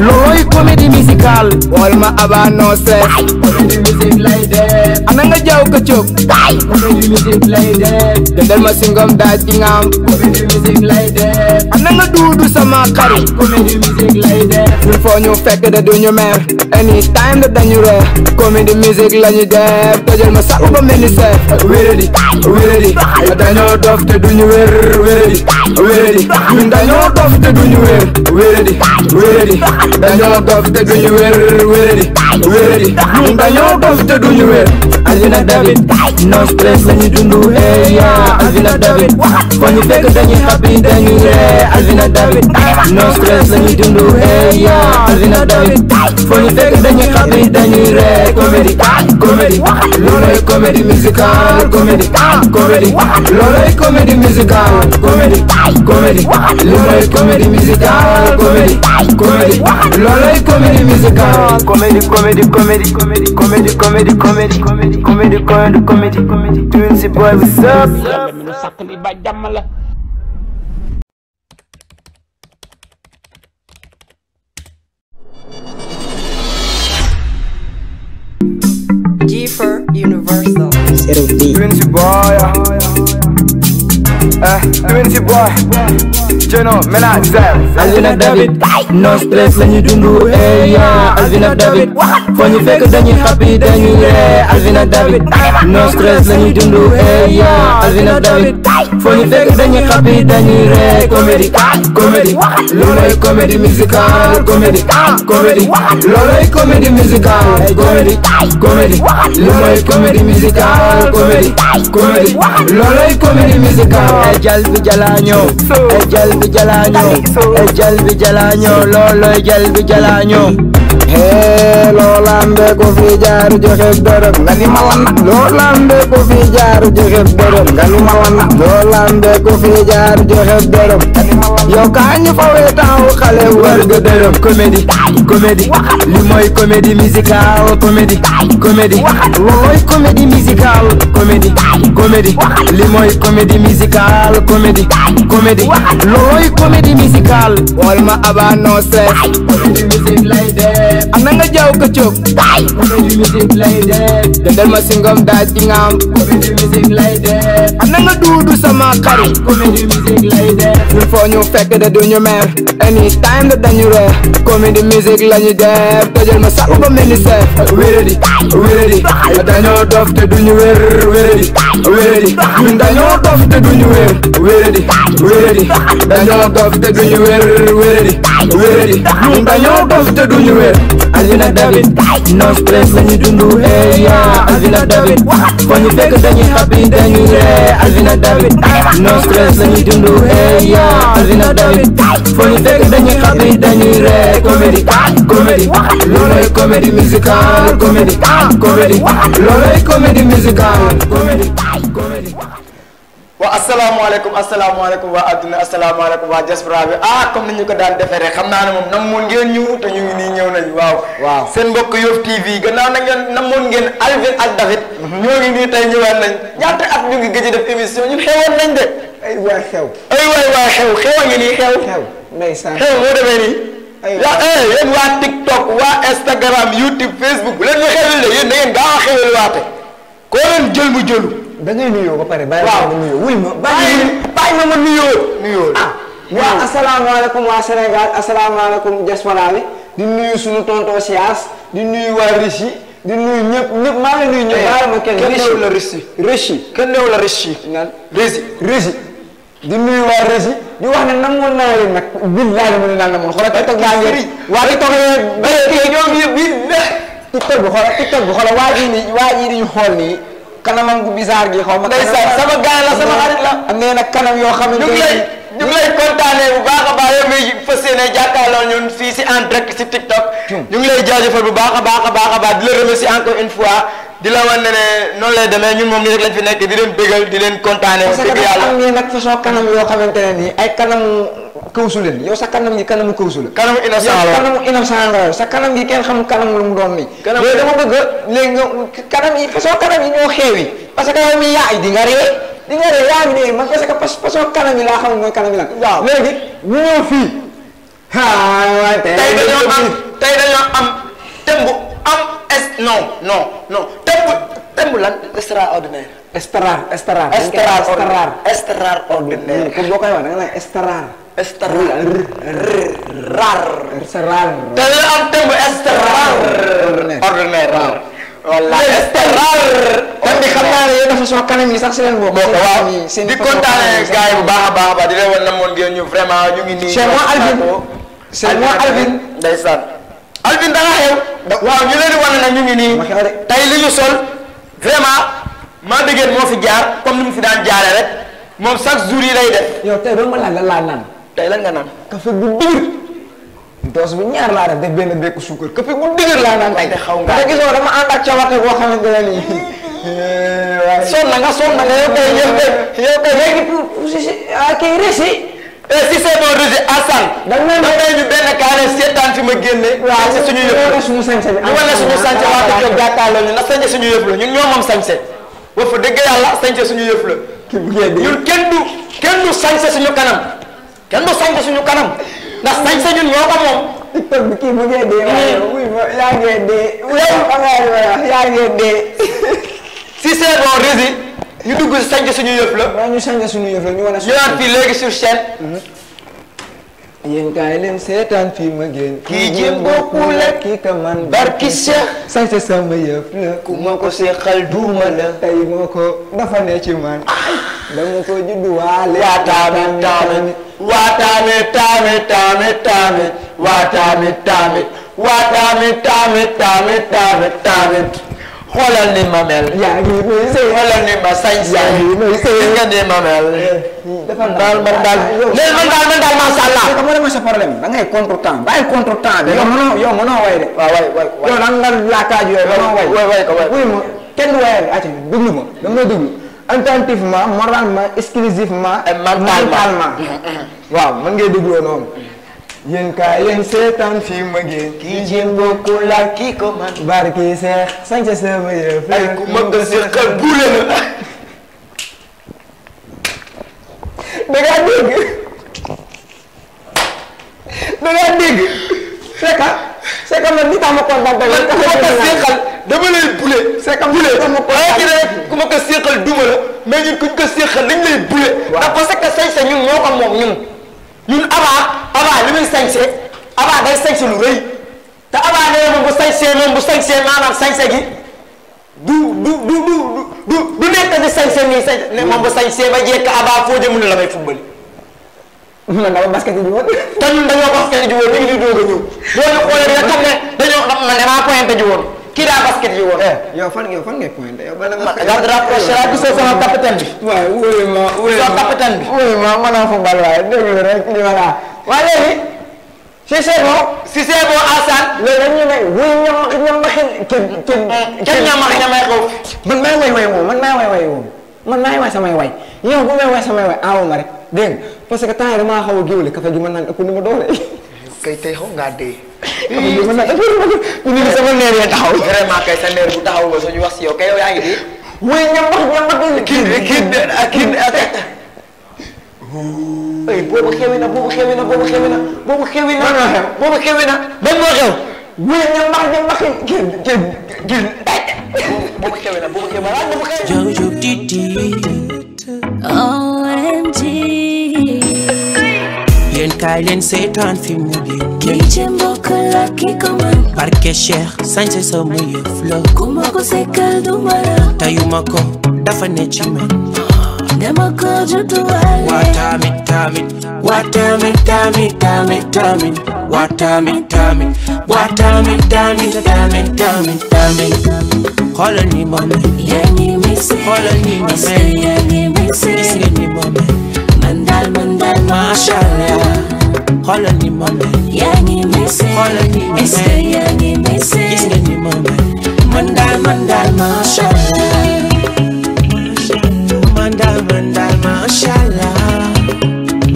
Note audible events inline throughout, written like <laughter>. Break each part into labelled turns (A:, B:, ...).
A: Loroy Comedy Musical All my Abba no the music like that I'm gonna go to chop Kai Open the music like that The del masing gom dat sama um. kari Open the music like that Run for new fact that new Anytime that dan you rap Come in the music like
B: you masak uba We ready We ready Adanyo dof te do new wear We ready We ready Ada dof te do new wear We ready We ready Adanyo dof te do new We ready wéeri ñun dañoo dof te duñu wéer asina David no stress lañu dundu hey ya asina David
A: foo ñu fekk dañuy happy dañuy ree asina David no stress lañu dundu hey ya asina David foo ñu fekk dañuy happy dañuy ree comédie comédie looloy comédie musicale comédie comédie looloy comédie
C: musicale
A: comédie comédie looloy comédie musicale comédie comédie looloy comédie musicale comédie comedy, comedy, comedy, comedy, comedy, comedy, comedy, comedy, comedy, comedy, comedy, Twinsie boy, what's up?
D: G for Universal. Twinsie boy.
A: Eh, Twenty boy, Jeno, Mena, Zem Alvina David, no stress la ñuy dundu eh yeah Alvina David, foo ñu fekk dañuy happy dañuy ree
D: Alvina David, eh. no stress la ñuy dundu eh yeah Alvina David, foo ñu fekk
B: dañuy happy dañuy ree Comédie, comédie, looloy comédie musicale Comédie, comédie, looloy comédie musicale Comédie, comédie, looloy comédie musicale Comédie, comédie, looloy comédie musicale
A: ejal bi jalaa ñëw ejal bi jalaa ñëw ejal bi jalaa ñëw loolooy jal bi jalaa ñëw hee loolambe fi jaar joxe dërëm nga ni ma wan fi jaar joxe dërëm nga ni ma wan na loolambe ko fi jaar joxe dërëm yow kaa ñu fa wee taxaw xale wër dërëm comédie comédie li comedy comédie musicale comédie comédie loolooy comédie musicale comédie comédie comedy mooy comédie musicale comédie comédie loolooy comédie musicale wol ma aba no stress comédie music lay def am na nga jaw ko cóog comédie musique lay def dëndal ma singom am comédie musique lay def am na sama kari. comédie music lay def ñu foo ñu fekk mer anytime da dañu reer comédie music. dégg lañu def
B: dajal ma sax ba mel ni seef wéradi wéradi dañoo dof te duñu wér wéradi wéradi ñun dañoo dof te duñu wér wéradi wéradi dañoo dof te duñu wér wéradi ready You Nunca yo poste do you ready Azina David No stress when you do hey yeah
A: Azina David When you fake then you happy then you ready Azina David No stress when you
D: do hey yeah Azina David
B: When you fake then you happy
D: then you ready
A: Comedy
B: Comedy Lolo comedy musical Comedy Comedy Lolo comedy musical Comedy Comedy
A: waa asalaamaaleykum asalaamaaleykum waa adduna asalaamaaleykum waa diaspora bi ah comme ni ko daal defee xam naa ne moom namoon ngeen ñu te ñu ngi nii ñëw nañu waaw. waaw seen mbokk Yoff TV gannaaw na ngeen namoon ngeen Alvin ak David. Mhm. ñoo ngi nii tey ñëwaat nañ ñaata at ñu ngi gëj def émission ñun xewoon nañ de. ay waay xew. ay waay xew xew a ngi nii xew. xew moo demee nii. ay waay waaw eh, yéen waa TikTok waa Instagram YouTube Facebook leen a xewil waate koo leen da ngay nuyoo ba pare bàyyi ma nuyoo wuy ma bàyyi bàyyi ma ma nuyoo nuyoo ah waa assalamualaikum waa Sénégal asalaamaaleykum diaspora bi di nuyu suñu tonton Sias di nuyu waa Rishi di nuyu ñëpp nyep maa ngi nuyu ñëpp baal ma kenn néew la Rishi Rishi kenn néew la Rishi naan Rishi Rishi di nuyu waa Rishi di wax ne nan moon naa leen nag billaahi mu ne naan la moon xoolal TikTok baa ngi waa TikTok yee ñoom yëpp bi TikTok bi xoolal TikTok bi xoolal di ñu kanamam gu bizarre gi xaw ma. kanam sama gaay la sama xarit la. am na kanam yoo xamante ne ñu ngi lay kontaanee a baax yow mii fas yéene jàkkaarloo ñun fii si en direct si TikTok. Hmm. ñu ngi lay a a a di leen bégal di leen kontaanee. wax dëgg kanam yoo xamante ne kanam kawsu leen yow sa kanam gi kenn xamul kanam lu mu doon nii. kanam dama bëgg léegi nga kanam yi façon kanam yi ñoo xeewi parce que mii yaa di nga ree ingere yaami ne man parce que pas pasoo kanam yi laa xam mooy kanam yi lan waaw léegi ñu ñëw fii tey dañoo am tey dañoo am temb am es non non non temb temb lan extraordinaire extra extra extra extraordinaire pour boo koy wax da nga naan extra extra rar extra rar am temb extra ordinaire wallaay man di xam naa ne yéen dafa soo kanam yi sax si leen bokk. waaw di kontaanee gars yi bu baax baax a baax di leen wan namoon ngeen ñu vraiment ñu ngi nii. c'est moi Alvin
D: c'est moi Alvin.
A: ndeysaan Alvin da nga xew. waaw ñu leen di wan nag ñu ngi nii. tey li ñu sol vraiment maa déggee moo fi jaar comme ni fi daan jaaree rek moom chaque jour yi lay def. yow tey doo ma la laa naan. tey la nga naan. café bu dëgër. dose bi ñaar laa def def benn bekku suukar këppi bu dëgër laa naan tey. te xaw nga te gisoo dama ànd ak cawarte boo xamante na
D: <laughs> nga sonn na nga yow kay yow kay
A: yow kay léegi ah, kii resi. Eh, si seetoon ñu ñu ah, ñoo moom sañse. wax fa dëgg yàlla sañse suñu yëf la. ñun kenn du kenn du sañse suñu kanam kenn du sañse suñu kanam ndax sañ-sañun ñoo ko moom. tiktok bi kii bu eh. ngeen dee. yaa ngeen dee. yaa ngeen dee. si c'est bon rési ñu dugg sañ suñu yëf la. waaw ñu sañ suñu yëf la ñu wane. ñu naan fii léegi sur chaîne. Mm-hmm. yéen kaay leen seetaan fi ma génn. kii jéem bokkul ak kii ka man. barki Cheikh. sañse sama yëf la. ku ma ko seexal duuma la. tey moo ko dafa ne ci man. Ah. dama ko juddu waale. waataame taame. waataame taame taame taame. waataame taame. waataame taame taame taame taame. xoolal ni ma mel. yaa ngi nuyu sëy xoolal ni ma sañ sañ. yaa ngi nuyu nga ni ma mel. Eh, dafa daal man daal. léegi man daal man daal macha allah. xam nga sa problème da ngay contre temps bàyyi contre temps bi. Eh, yow mënoo way de.
E: waaw ah, waay waay yow da
A: nga laakaaj yooyu. Eh, mënoo way waay waay ko waay. ma kenn waayal ati ma dama la déglu. attentivement moralement exclusivement. mentalement noonu. yéen kaa leen seetaan fi ma génn. kii jéem bokkul ak kii ko man. barki seex sañ sa sama yëf. ay ku mag a seqal buule na.
F: da ngaa dégg da ngaa dégg.
A: seka seka man li tax ma kontaan tamit. ku ma ko seqal dama lay bule. seka man li tax ma kontaan ku ma ko seqal duma la mais ñun kuñ ko seqal dañ lay bule. waaw ndax parce que sañ sa ñun moo ko moom ñun ñun avant. abaa li muy sañse abaa day sañse lu rëy te abaa nee moom bu sañsee moom bu sañsee maanaam sañse gi du du du du du du nekk di sañse nii sañ ne moom bu sañsee ba jekk abaa foo jëm ne la may fubbali man dama basket yi jiwoon te ñun dañoo basket yi jiwoon dañuy doog a ñëw boo ñu xoolee dina xam ne dañoo xam man damaa Kida basket yi woon. Eh, yow fan nga fan nga pointé yow. bala nga rapproché la gisoo sama capitaine bi. waaw wuyu ma wuyu ma capitaine bi. wuyu ma mën naa football waaye déglu rek li ma laa waaye léegi. Cissé Bo. Cissé Bo Assane. léegi dañu ne wuyu ñam ñam xin. Mm, mm, kenn kenn kenn ñamay ñamay ko. man maay way way moom man maay way way moom man maay way samay way yow bu may way samay way aawoo ma rek dégg parce que temps yii damaa xaw a giwle kafe gi mën naa ëpp ni ma doole. <laughs> kay tey xaw ngaa dee. xam nga man sama neer ya taxaw. vraiment kay sa neer bu taxaw ba suñu wax si yow kay yow yaa ngi dee. muy ñambat ñambat. kii kii ak kii ak. ay boobu xewi na boobu xewi na boobu xewi na boobu xewi na. boobu xewi na. ban moo xew. muy ñambat ñambat kii kii kii. boobu xewi na
G: boobu xewi na. Ken Kylen seetaan fi mu génn DJ mbokk la ki ko man barke Cheikh sañse sama yëf la ku ma ko sekkal du ma la tayuma ko dafa ne ci man dama ko judduwaale waa tamit tamit waa tamit tamit tamit tamit waa tamit tamit waa tamit tamit tamit tamit tamit xoolal ni ma mel xoolal ni ma mel gis nga ni ma mel macha allah xoolal ni ma mel. yaa ngi mese xoolal ni ma mel est-ce que yaa ngi mese gis nga ni ma mel. man daal man daal macha allah. man daal man daal macha allah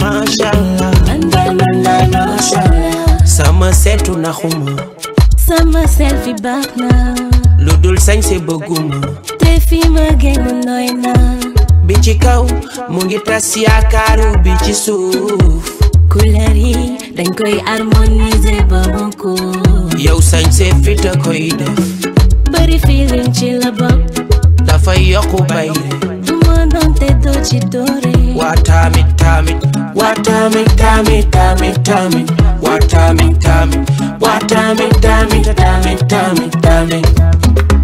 G: macha allah. man daal man daal macha allah. sama seetu naxuma.
D: sama selfie baax na.
G: lu dul sañ se bëgguma. te fi ma génn nooy na. mungi Mungkin akaru karu su Kulari dan koi harmonize babonku Yau se fita koi def Bari feeling chillabab Dafa yoku baile time doci time Watami tami Watami tami tami tami Watami tami Watami tami tami tami tami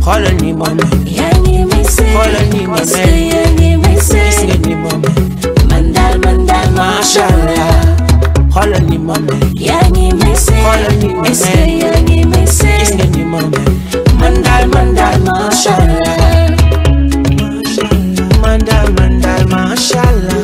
G: Hola ni ya Yani mi Follow me, my man. Please need Mandal, mandal, mashallah. Follow me, mama. Yani mese. Follow me, my man. Yani mese. Mandal, mandal, mashallah. Mandal, mandal, mashallah.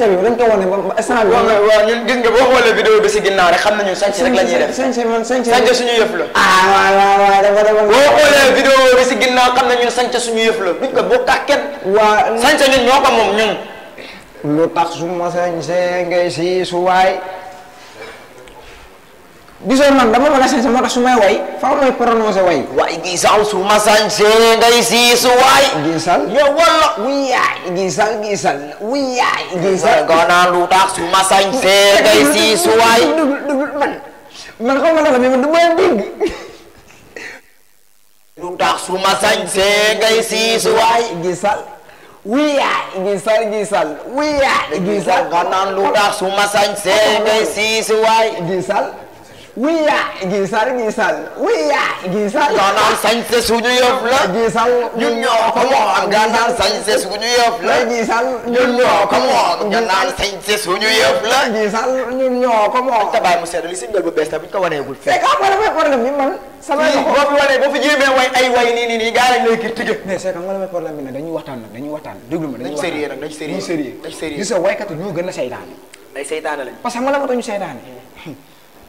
A: sañse bi dañ ko wane ba instant bi. waaw ñun gis nga boo xoolee vidéo bi si ginnaaw rek xam nañu sañse rek la ñuy def. sañse man sañse sañse suñu yëf la. ah waaw waaw waaw dafa dafa. boo xoolee vidéo bi si ginnaaw xam nañu sañse suñu yëf la duñ ko bokk ak kenn. waaw sañse ñun ñoo ko moom ñun. lu tax su ma sañse ngay si su waay. biso man dama wala sama tax sumay way fa may prononcer way way gisal san sanse ngay si su way gisal yo ya, wala wi gisal gisal sal gisal na lu tax san sanse ngay si su way man man ko wala mi man dama lu tax san sanse ngay si su way gisal wi gisal gisal sal gisal na lu tax san sanse ngay si su way gisal wiya gisal gisal wiya gisal naan sañse suñu yëf la gisal ñun ñoo ko moom nga naan sañse suñu yëf la gisal ñun ñoo ko moom nga naan sañse suñu yëf la gisal ñun ñoo ko moom ta bàyyi mu seetlu li single bu bees ta buñ ko waneegul fe ka ko may problème bi man sama boo fi wane boo fi jéemee way ay way nii nii nii gaa lañ lay critiquer mais c'est que nga la may problème bi nag dañuy waxtaan nag dañuy waxtaan déglu ma dañuy sérieux nag dañuy sérieux dañuy sérieux gis nga waykat yi ñoo gën a seytaane ay seytaane lañ parce que nga la ma tañu seytaane hmm.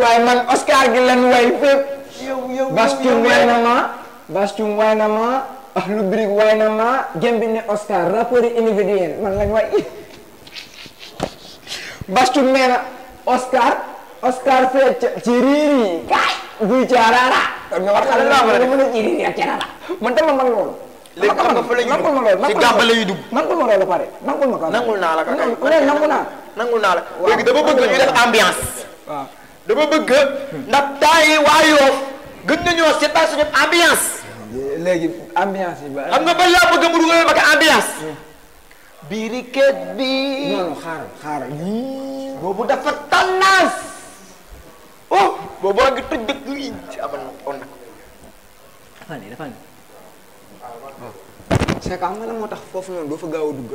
A: waaye man Oscar gi lan way fépp. yow Bas Thioum way na ma Bas Thioum way na ma Akhlou Brick way na ma jëm ne Oscar rapport individuel man lañ way Bas Thioum na Oscar Oscar fee ci riir yi kaay buy caaraara kon nga war xale laa mën a def mën a ci riir ak caaraara man dama man loolu léegi xam nga fa la ñuy dugg ci gàmbale yi dugg nangul ma loolu pare nangul ma ko nangul naa la ka nangul naa la léegi dama bëgg ñu def ambiance waaw dama bëgg ndax temps wayo gën nañu ci nañoo ñu ambiance. légui ambiance yi ba. xam nga ba laa bëgg mu dugal ba ambiance. Hmm. biriket bi. non xaar xaaral xaaral. boobu dafa tanas oh boobu a ngi toj dëkk yi amal on nak ko. dafa ne dafa ne. Oh. c'est que am nga la moo tax foofu fa gaaw a dugg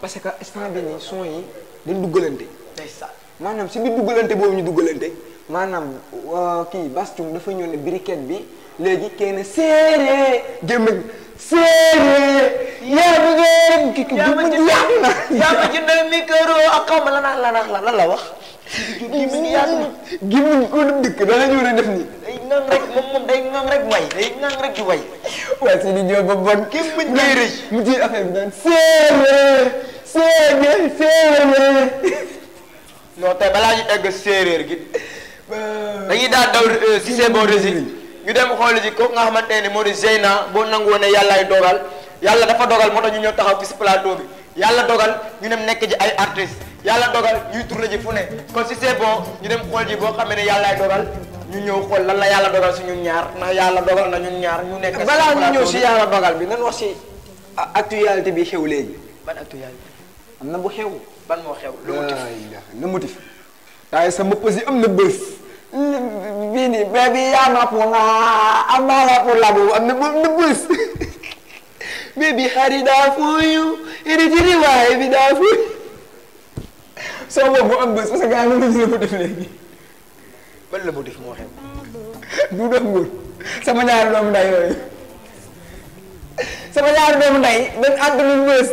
A: parce que instant bi ni son yi dañ duggalante. ndeysaan. maanaam si biir duggalante boobu ñu duggalante maanaam euh, kii bastum dafa ñëw ne briquet bi léegi kenn séeréer gémma séeréer yaa bu ngeen ki ki yaa ma jëndal micro ak la lan wax gémmiñ yaatu dëkk dana ñëw ne def nii day ngang rek moom moom day ngang rek way day ngang rek di way waa si di ba bon gémmiñ day rëy mu ci affaire bi daan séeréer
F: séeréer
A: séeréer non tey balaa ñu egg séeréer gi dañuy daan daw euh, si c'est bon résine ñu dem xool ji ko nga xamante ne moo di na boo nangu woon ne yàllaay dogal yàlla dafa dogal moo tax ñu ñëw taxaw fi si bi yàlla dogal ñu dem nekk ji ay artistes yàlla dogal ñuy tourné ji fu ne kon si c'est bon ñu dem xool ji boo xamee ne yàllaay dogal ñu ñëw xool lan la yàlla dogal si ñun ñaar ndax yàlla dogal na ñun ñaar ñu nekk. balaa ñu ñëw si yàlla dogal bi nan wax si actualité bi xew léegi ban actualité am na bu xew. ban moo xew le motif le motif waaye sa pës yi am na bës bii nii bébé yaa ma ah, am naa la pour la boobu am na bës bébé xari daa fooyu iri waaye bi daa fooyu soo boobu am bës parce que gars yi moom la motif moo xew <laughs> du doom góor sama ñaari doomu ndey yooyu sama ñaari doomu ndey dañ ànd lu bës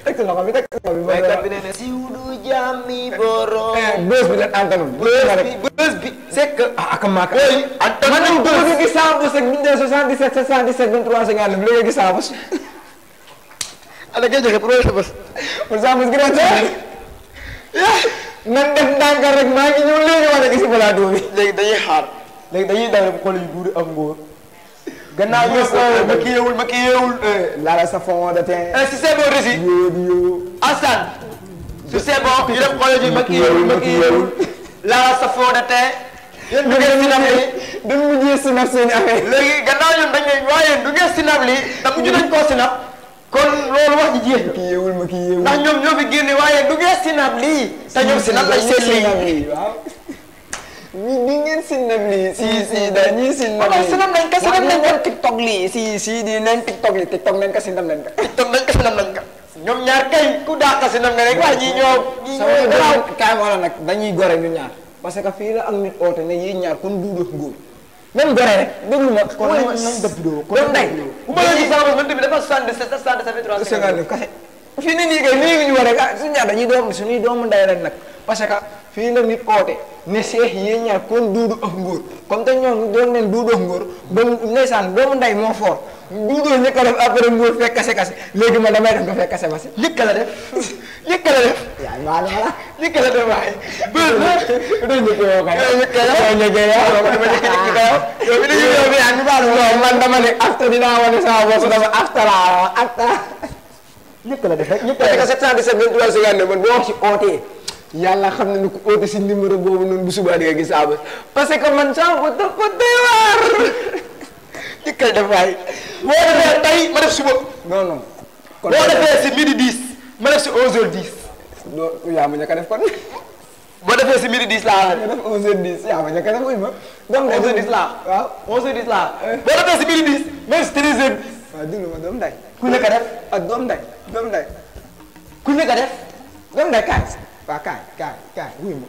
A: Tengok kami tak kami baik tapi nenek si udu jami borong. Eh, bus anton. Bus bus saya ke akan makan. Anton mana udu lagi sabu segmen dan di set susan di segmen ruang sengal beli lagi sabu. Ada kerja ke perlu bos. Bersama segera saja. Ya, nendang karek magi nyuli mana ke sebelah dulu. Lagi tanya har. Lagi tanya dalam kali anggur. gannaaw yëpp ma kiyeewul ma kiyeewul. Eh, lala sa fond de teint. Eh, si c'est bon Régis. yooyu Assane. si c'est bon ma kiyeewul ma kiyeewul. lala sa fond de teint. yéen du ngeen li dañ mujjee sinab seen léegi gannaaw ñun dañ waaye du ngeen li da mujj koo sinab. kon loolu wax ji jeex. ma kiyeewul ma kiyeewul. ndax ñoom ñoo fi génne waaye du ngeen lii. te ñoom sinab lañ lii. Bibingan sinem si si dani TikTok li, si si di nan TikTok li, TikTok nang ka sinem nan TikTok nan ka sinem nan ka. Ñom ñaar kay ku ka sinem nan ka ñi ñoo ñi ñoo kay wala nak dañuy goré ñu ñaar parce que fi la am nit oté né yi ñaar kon dudu ngor. Même goré rek deglu ma kon nam depp do ko. Dem day. Bu ma la ci sama mëntu bi dafa 77 773. 50 kay. Fi ni ni nak Pasa ka, fii la nit oote ne seex yéen ñaar kon duudu ak nguur comme te ñoom doon neen duudu ak nguur ba mu ndeysaan doomu ndey moo foor duudoo njëkk a def après nguur kase kase léegi la def njëkk la def. yaa ngi waay waay njëkk la def waaye. bëri na doo njëkk la man dama ne afta dinaa wane sama bopp dama afta laa afta. njëkk la def rek njëkk la def parce que 717 23 secondes man boo ci yàlla xam na ni ku oote si numéro boobu noonu bu subaa di nga gis Abbas parce que man saa ko dafa doy waar di koy def boo defee tey ma def suba. non non. kon boo defee si midi 10 ma def si 11h10. doo yaa ma ñàkk a def kon. boo defee si midi 10 laa. nga def 11 yaa ma ñàkk a def uy ma. donc 11h10 laa. waaw 11h10 laa. boo ku nekk a ak doomu nday doomu nday ku nekk a def. Ah, waa kaay kaay kaay wuyu ma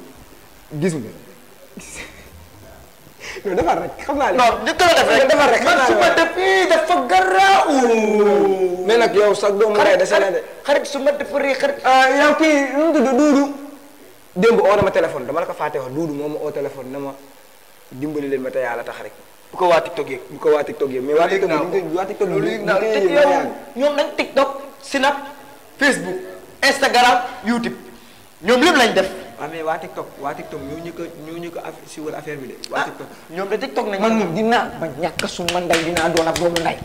A: gis nga non defar rek xam naa ne. non def rek defar rek man su ma nag yow sax doomu ndey dese na de. xarit su ma defaree xarit. kii nu mu tudd Duudu. démb oo na ma téléphone dama la ko fàtte wax Duudu moom ma oo téléphone na ma dimbali leen ma te yàlla tax rek. bu ko waa TikTok yeeg. bu ko waa TikTok yeeg mais waa TikTok yi waa TikTok yi lu ñu ñoom nañ TikTok Snap Facebook Instagram YouTube. ñom lepp lañ def amé wa tiktok wa tiktok ñoo ñu ko ñu ñu ko siwal affaire bi dé wa tiktok ñom de tiktok nañ man moom dinaa ba ñàkk suma nday dinaa doon ab doomu nday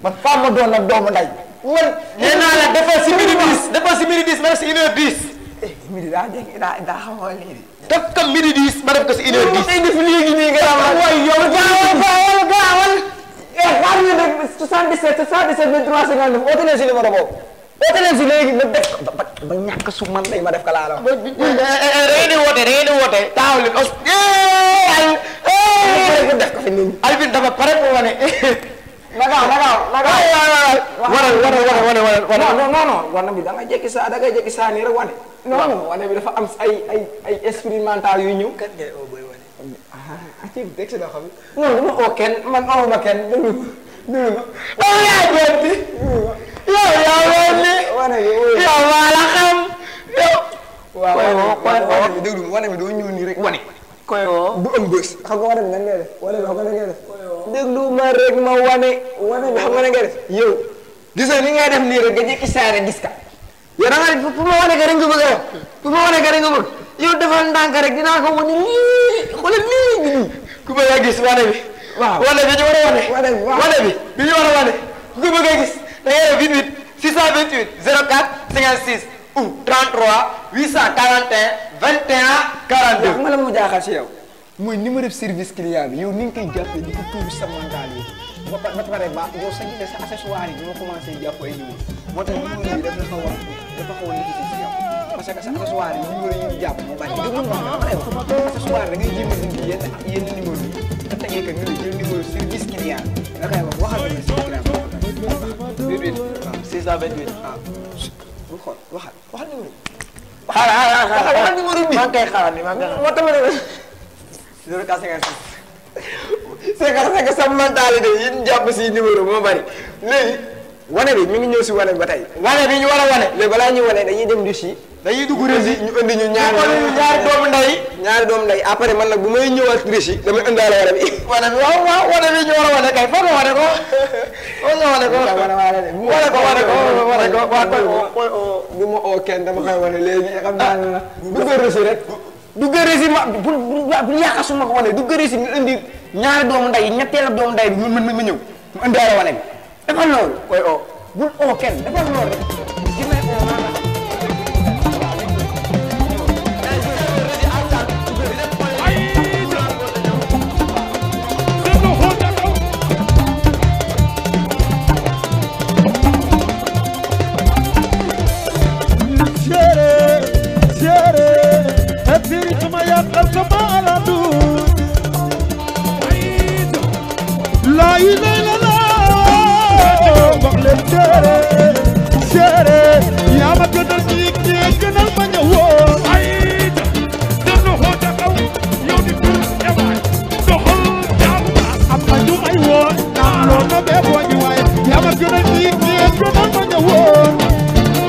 A: man faa ma doon ab doomu nday man nee la défa si midi 10 défa si midi 10 ma ci 1h10 eh midi da dé da da xamoo ni daf ko midi 10 ma def ko si une heure dix tey def léegi ni nga wax way yow gaawal gaawal gaawal eh xam ñu 77 77 23 59 oote leen si numéro boobu woote leen si léegi ma def ba ñàkk su man day ma def kalaa la. da ngeen di woote da ngeen di woote. taxaw ma def ko fi nit ñi. Alvin dafa pare pour bi da jékki saa da nga jékki saa nii bi dafa am ay ay ay yu ñëw. kat ngay oo booy wane. ah ah ci ah, ma oo kenn man oo ma kenn. Oya Jati. Yóò yọ ọwọ́ ní. Yóò wọ alákàm. Wane mi do ñu ni rek wane. Koy wo. Bu am bës. Xam nga wane mi nan ngay def. Wane mi xam nga nan ngay def. Déglu ma rek ma wane. Wane mi xam nga nan ngay def. Yow. Gisoo ni ngay def nii rek nga jékki saare gis ka. Yow da nga ne fu ma wane ka rek nga bëgg a yow. Fu ma wane ka rek nga bëgg. Yow defal ndànk rek dinaa ko wane lii waaw wane bi ñu war a wane. wane bi bi ñu war a wane ku ko bëgg a gis da ngay def 28 628 04 56 ou 33 841 21 42. waaw ma la mu jaaxal si yow. mooy numéro service client bi yow ni nga koy jàppee di ko tuubi sa mental yi ba ba pare ba yow sa gis sa accessoire yi dama commencé jàpp ay numéro moo tax numéro yi dafa xaw a dafa xaw a liggéey si yow parce que sa accessoire yi numéro yi ñu jàpp moo bari déglu ma ma lay wax accessoire da ngay jéem a dindi yenn yenn numéro yi dire que ñun jël niveau service client nga koy wax waxal ko si client bi bi 628 ah bu xool waxal
B: waxal numéro xaar xaar xaar waxal numéro bi maa ngi
A: koy xaar ni maa ngi koy xaar tamit 056 55 sa mentalité yi ñu jàpp si numéro moo bari léegi wane bi mi ngi ñëw si wane dañuy dugg Russie ñu indi ñu ñaari ñaari doomu ndey ñaari doomu ndey après man bu may ñëwaat Russie damay indaale wane bi <laughs> wane bi waaw waaw wane bi ñu war a wane kay foog nga wane ko <laughs>
E: foog nga wane ko wane
A: ko wane ma oo kenn dama <laughs> la su ma ko wane dugg Russie ñu indi ñaari doomu ndey ñetteelu doomu ndey bi mu mën ma ñëw dafa loolu koy oo bul oo kenn dafa loolu
B: ayu lay la la wax leen téere séere yaa ma gënal ñi ñee gënal ma ñëwoo ay dem na xoo taxaw yow di tur ebaay doxal jaamu am na ñu ay woon naan loo na bee boo ñu waay yaa ma gënal ñi ñee gënal ma ñëwoo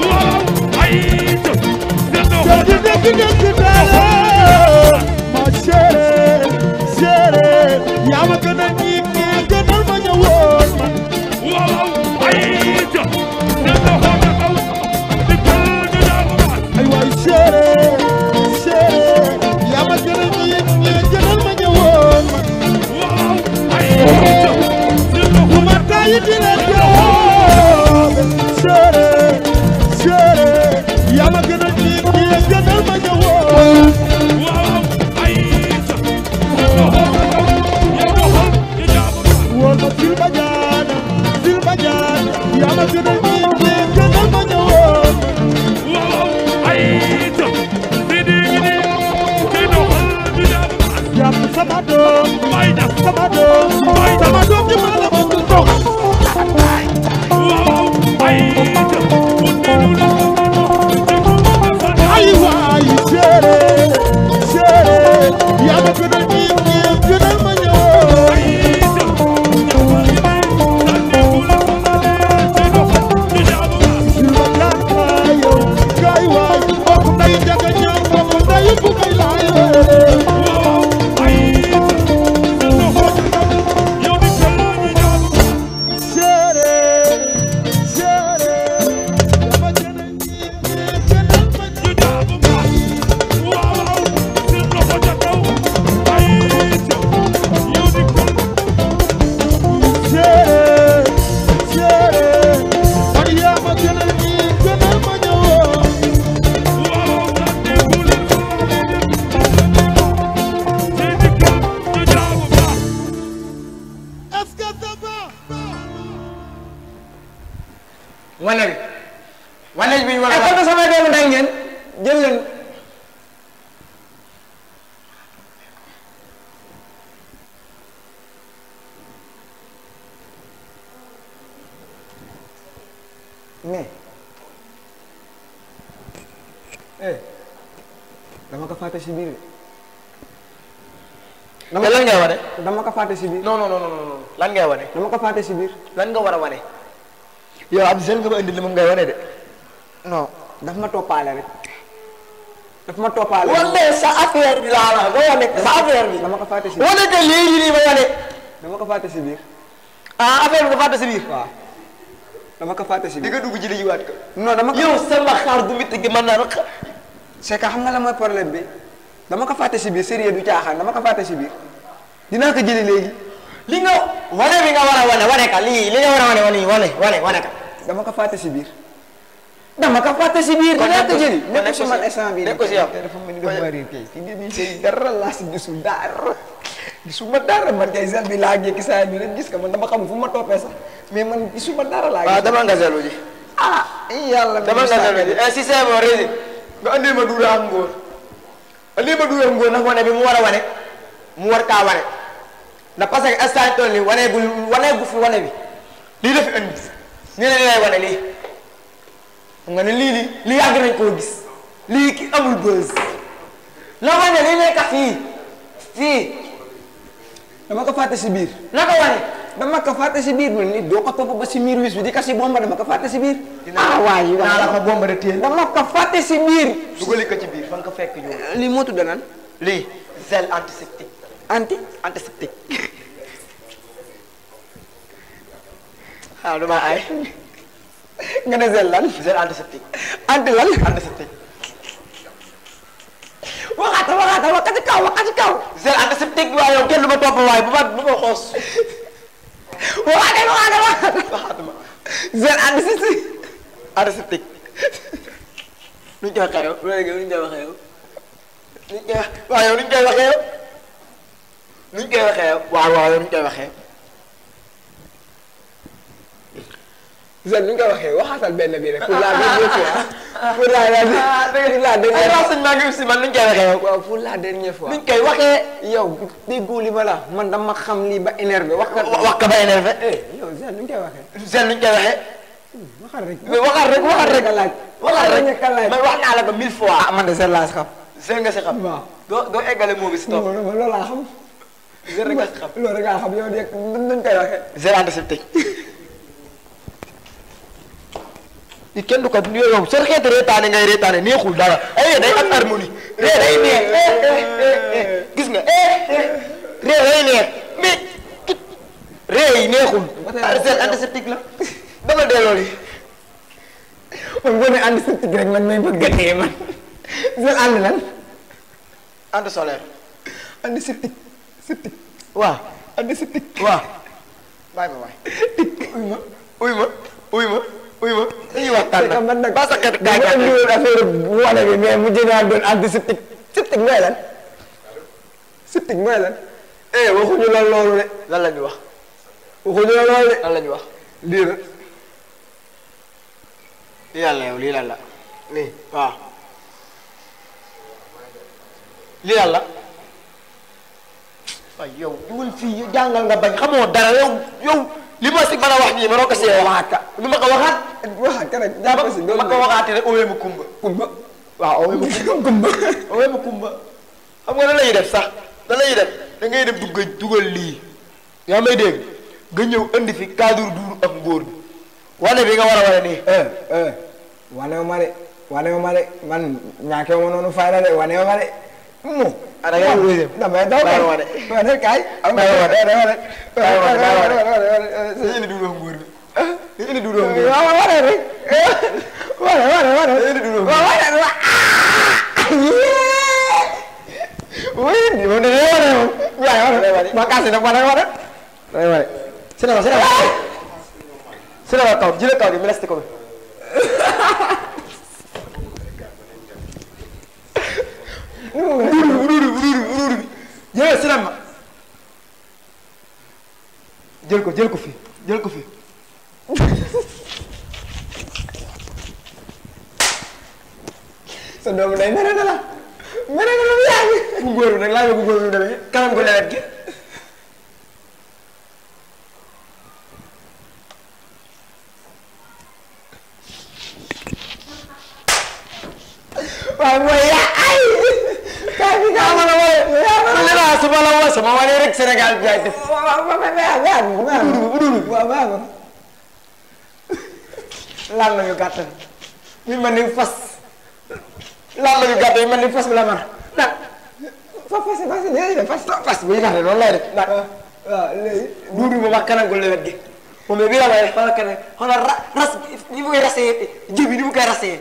B: waaw ay dem na xoo taxaw
A: mais eh dama ko fàtte si biir bi. lan ngay wane. dama ko fàtte si biir. non non non non lan ngay wane. dama ko fàtte si biir. lan nga war a wane. yow ab zel nga ma indil moom ngay wane de. non daf ma toppaale rek. daf ma toppaale. wane sa affaire bi laa la nga wane sa affaire bi. dama ko fàtte si biir wane que léegi nii ma wane. dama ko fàtte si biir. ah affaire bi nga fàtte si dama ko faté ci di nga dugg ji li jiwaat ko. non dama ko yow sama xaar bu bitti gi man naa c'est que xam nga la moy problème bi dama ko faté ci bi sérieux du caaxaan dama ko faté ci bi dina ko jëli légui li nga wane bi nga war a wane ka li li nga war a wane wane wane wane ka. dama ko faté ci biir. dama ko faté ci biir dina ko jëli. nek ci man instant bii dafa ci yow dafa mëni bari kay. ci ngeen ñu dara la ci gisul dara. Bisubadara man kay zel bi lagi ki sa ni gis ka man dama xam fu ma topé sax mais lagi ah dama nga zelu ah yalla dama nga zelu ji eh si c'est bon rési nga Ada ma dura am ngor andi ma dura am ngor nak wone bi mu wara wone mu war ka wone na parce bu wone bu fi wone bi li def andi ni la lay wone li nga ne li li li li amul buzz la wone li nekk fi fi dama ko fàtte si biir. naka waay. dama ko fàtte si bir ni do ko topp ba si mir wis bi di kasi bomba dama ko fàtte si bir ah waay na la ko bomba de tien dama ko fàtte si biir. dugali ko ci bir fa nga fekk yow. lii moo nan. li gel antiseptique. anti antiseptique. <laughs> ah dama ay. nga ne gel lan. gel antiseptique. anti lan. antiseptique. waxaata waxaata waxaata. Kan ci kaw. gel antiseptique bi waaye yow kenn du ma topp waaye bu ma bu ma xoos.
B: waaw de waaw de
A: waaw. gel antiseptique. antiseptique. nu ñu koy waxee yow loolu yëpp nu ñu koy waxee yow. nu ñu koy waaw yow nu ñu koy waxee yow. nu ñu koy waxee yow waaw waaw yow nu ñu koy waxee. Zane ni nga ko waxee waxaatal benn bi rek pour la dernière fois <laughs> pour la dernière ah, fois pour la dernière fois man nuñ koy waxee. waaw pour la dernière fois. nuñ ma la man xam lii ba énervé wax ka. wax ka ba énervé. Eh, yow Zane nuñ koy waxee. Zane nuñ koy waxee. Hmm, waxal rek waxal rek waxal rek. waxal rek man wax naa la ko mille fois. ah man de Zane laa si xam. Zane nga si xam. waaw doo eggale moo bi si topp. laa nga si xam. loolu rek laa xam yow de nuñ koy waxee. Zane <laughs> anticipé. kenn du ko nuyoo yow soo xeeti reetaane ngay reetaane neexul dara ay day am harmonie ree day neex gis nga ree yi neexul arsen antiseptique la dama delloo li man boo ne antiseptique man may bëgg a dee man seen ànd lan ma waay uy uy ma uy ma oui ma dañuy waxtaan nag man nag ba sa xet gaa gaa ñëwoon affaire wala bi mais mu jënaa doon antiseptique septique mooy lan septique mooy lan eh waxuñu lan loolu de lan la ñu wax waxuñu lan loolu de lan la wax lii la lii lan yow lii lan lii waaw lii lan la waaye yow ñuul nga bañ xamoo dara yow yow li ma ya, si mën a wax nii ma doon ko see waxaat ka nu ma ko waxaat. waxaat ka nag jàpp si ma ko waxaatee rek owee mu kumba. kumba waaw owee mu kumba owee mu kumba. xam nga lan la ñuy def sax lan la def da ngay dem dugg dugal lii yaa may dégg nga ñëw andi fi cadre duuru ak ngóor bi bi nga war a wane nii. wane wu ma de wane ma de man ñaake wu ma noonu fayda de ma de. moom. ah da ngay wéy dem damay daw kay waaw ne kay. am na solo da ngay wane da ngay wane da ngay
B: wane. dañuy indi
A: duudoom buur bi. dañuy indi duudoom buur bi waaw waaw wane rek. wane wane wane. dañuy indi duudoom buur bi waaw wane rek waaw. oui nii moom dañuy wane moom. waaye wane ma kaas itam wane wane. da ngay wane. si la ma si la ma si la ma kaw jëlee kaw gi mi leste ko bi. ruuru ruuru ruuru bi yéen si ma jël ko jël ko fi jël ko fi. sa doomu day mere na la mere na la bu góor bi nag laa ma bu góor bi mu demee kanam ko nawet gi.
B: waaye mooy yaa ay.
A: yaa ma la wooyee. su ma la wooyee sama wàll rek Sénégal bi laay def. lan la ñu gàttal. mi mel ni fas. lan la ñu gàttal mi mel ni fas bi la mar. ndax fas fas fas fas bu ñu gàttal noonu lay def. ndax waaw léegi. duuru bi ma kanam gu lewet gi. moom it bii la may def xanaa kanam xanaa ra ras li mu koy rasee ji bi ni mu koy rasee.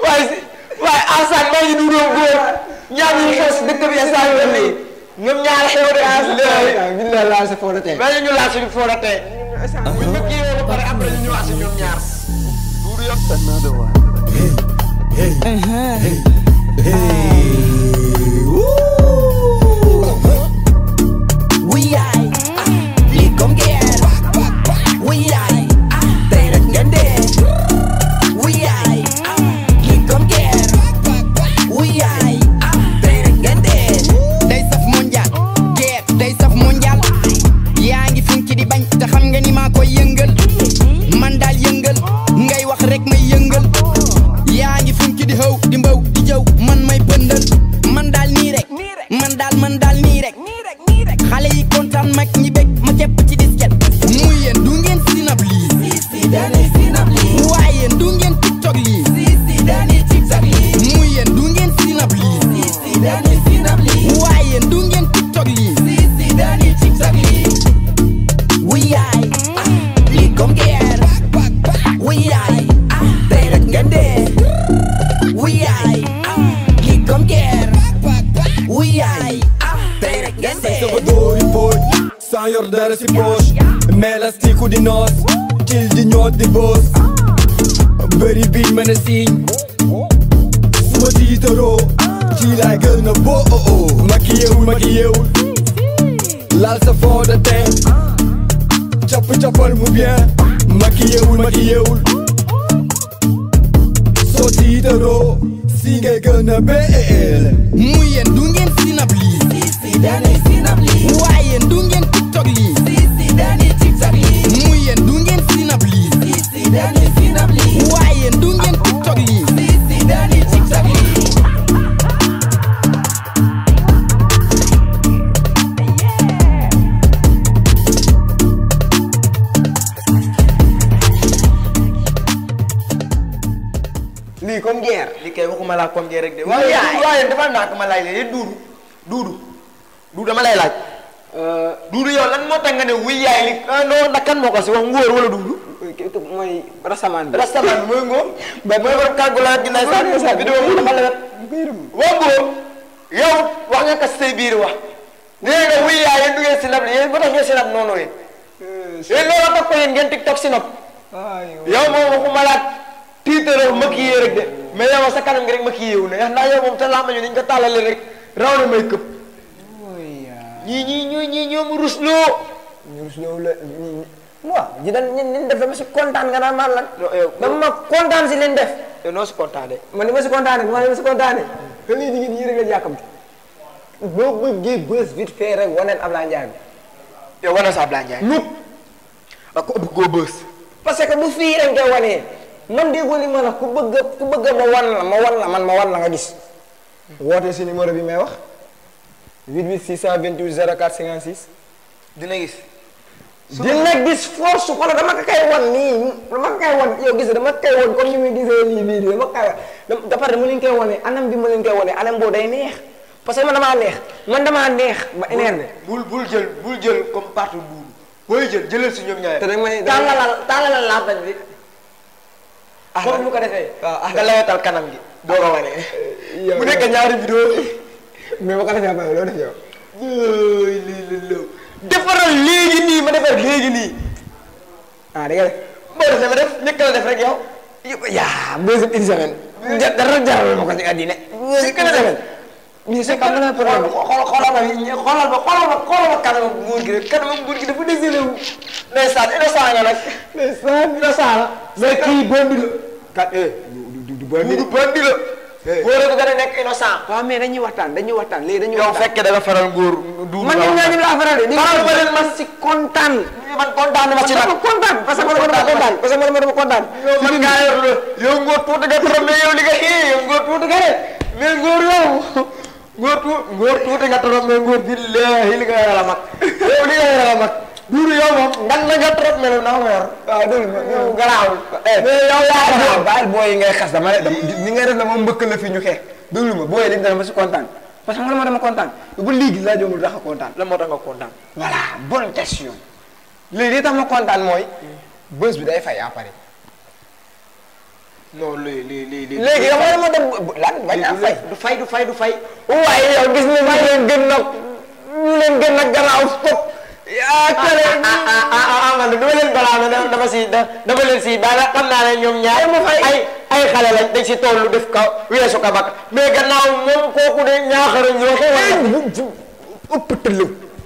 A: Wah, wah asal maa ngi dugal góor ñaar ñuy xees dëkk bi instant bii nii ñoom ñaar xew de as. ñu ngi lay lancé fooratee. pare après ñu ñëwaat si ñoom ñaar. duuru
D: Hey, hey, hey, woo.
A: ala kom je rek de waaye waaye dafa naa ko ma lay lay duudu duudu duudu ma lay laaj duudu yow lan moo tax nga ne wuy yaay li non dakkan moo ko si wax ngóor wala duudu mooy rasamaan bi rasamaan bi mooy ngóor ba mooy war kàggu la sa sa vidéo mu dafa la wa ngóor yow wax nga ko say biir wax nee nga wuy yaay du ba tax nab ko ngeen tiktok si nab yow moom waxu malaat tiitaroo mag yi rek de mais yow sa kanam rek ma kii yow ne ndax yow moom sa iya. niñ ko tàllale rek raw na may këpp ñii ñii ñoo ñii ñoom rusloo ñu rusloo la waaw ji dañ ñin ñin def dama si kontaan nga naan maa lan dama ma kontaan si leen def yow noo si kontaane man ni ma si kontaane man ni ma si kontaane te lii di ngi rek la vite fait rek yow sa ak ko parce que bu fii rek nga wanee mandi gue lima lah, kubega kubega mawan lah, mawan lah, man mawan lah ngadis. What is ini mau lebih mewah? Wid wid sisa bintu zara kar singan sis. Dina gis. Dina gis for so kalau dama kakek wan ni, dama yo gis dama kakek wan ni di zeli bi di dama kakek. Dapa dama ling kakek ni, anam bi maling kakek ni, anam bodai ni. Pasal mana mana ni, mana mana ni, ma ini ni. Kan? Bul bul jel bul jel kompatu bul. Boy jel senyumnya. sinyum nyai. Tangan tangan lal Ah, foofu mu ko defee waaw ah. nga lawetal kanam gi doo ko wane mu nekk ñaari vidéo mais bu ko defee ba loo def yow defaral léegi nii ma defar léegi nii ah da nga def boo defee ma def njëkk la def rek yow yaa bés une semaine dara jaral ma ko ci àddina njëkk la defal mais c'est quand même problème xool xoolal ma xoolal ma xoolal ma xoolal ma kanam góor gi rek kanam góor gi dafa désolé wu ndeysaan innocent nga nag ndeysaan innocent la mais kii boobu kat eh du bandi du bandi la góor ak dana nek innocent waaw mais dañuy waxtaan dañuy waxtaan léegi dañuy waxtaan yow fekkee da nga faral góor du man ñun ñaañu laa faral de faral ba kontan, ma si kontaan man kontaan ma si nag kontaan parce que man dama kontaan parce que man dama kontaan yow man ngaa yor la yow ngóor tuuti nga trop mais yow li nga xëyee yow ngóor tuuti mais yow mais billahi li nga yow li nga duuru yow moom ngan nga trop melu na ah, nga duuru yow garaawul. Eh, mais yow yaa garaaw baal booy yi ngay xas dama ne ni ngay def dama mbëkk la fi ñu xeex déglu ma booy yi dañu dama si kontaan parce que man ma dama kontaan ba léegi laa jomul tax a kontaan. lan moo tax nga kontaan. voilà question. léegi li tax ma mooy. bés bi day fay à Paris. non léegi léegi léegi. léegi yow war ma dem lan a fay. du fay nag leen stop. ya kare amadu dolen balama da dama si da balen si bala xam naa ne ñoom ñaar ay ay xale lañ dañ si tollu def kaw weesu ka bakk mais gannaaw moom kooku de ñaaxara ñoo xewal ëpp tëll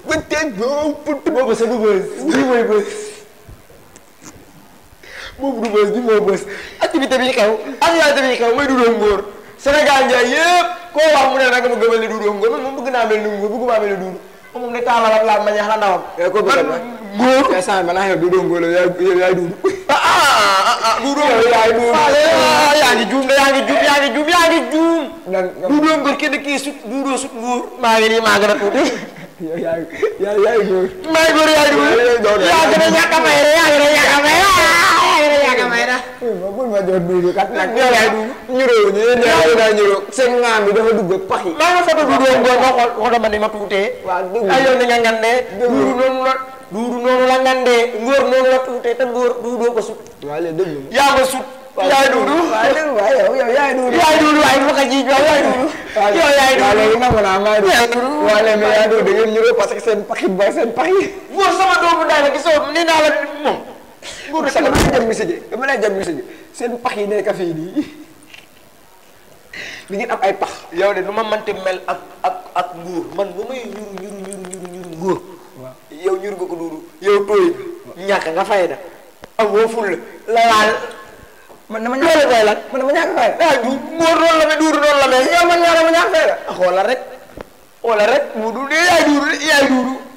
A: peut-être ëpp tëll boobu sa du bës bi mooy bës boobu du bës bi mooy bës activité bi xew activité bi xew mooy du doon ngóor Sénégal njaay yëpp koo wax mu ne nag mu gëmal ne du doon ngóor man moom bëgg naa mel ni ngóor bëgguma mel ni duudu moom ni Talla rek laal ma ñaax la ndawam. yow ko a góor te eh, sànni ma naa ah, yow duudoo ngóor yow yaay duud. ah ah ah, ah, ah duudoo ngóor yaay juum yaa ngi juum yaa ngi juum yaa ngi juum. duudoo kii sut duudoo sut ngóor. maa ngi nii maa gën a tuuti. <laughs> yow yaa ngi yaa ngi góor. maa ngi góor yaa ngi duud. yaa gën a kamera. Walaupun maju dulu kan nakal ya iya, iya. iya. nyuruh nyuruh nyuruh nyuruh. Sing ngambil dah udah gue pahi. Mana satu video gue no kalau mana lima puluh Waduh. Ayo dengan gande. Dulu nol dulu nol langan deh. Ngur nol nol tuh teh tegur dulu besuk. Wale dulu. Ya besuk. Ya dulu. Aduh ayo ya ya dulu. Ya dulu ayo kaji jiwa ya dulu. Ya ya dulu. Wale ini mau nama dulu. Wale me ya dulu dengan nyuruh pas kesen pakai basen pahi. Gua sama dua benda lagi so ini nalar mau guru sax dama jam jàmmi si ji dama lay jàmmi si ini seen pax yi nekk fii nii di ngeen am ay pax. yow ya de nu ma mel ak ak ak nguur man bu may ñur ñur ñur ñur ñur nguur. waaw yow ya ñur nga ko duudu yow ya tooy ñàkk nga fay da am woo ful la laal. man dama ñàkk fay la man dama ñàkk fay la. ah du nguur ah, mana la mel duudu noonu la mel. yow man ñaar dama ñàkk fay la. xoolal rek. xoolal rek. duudu de yaay yaay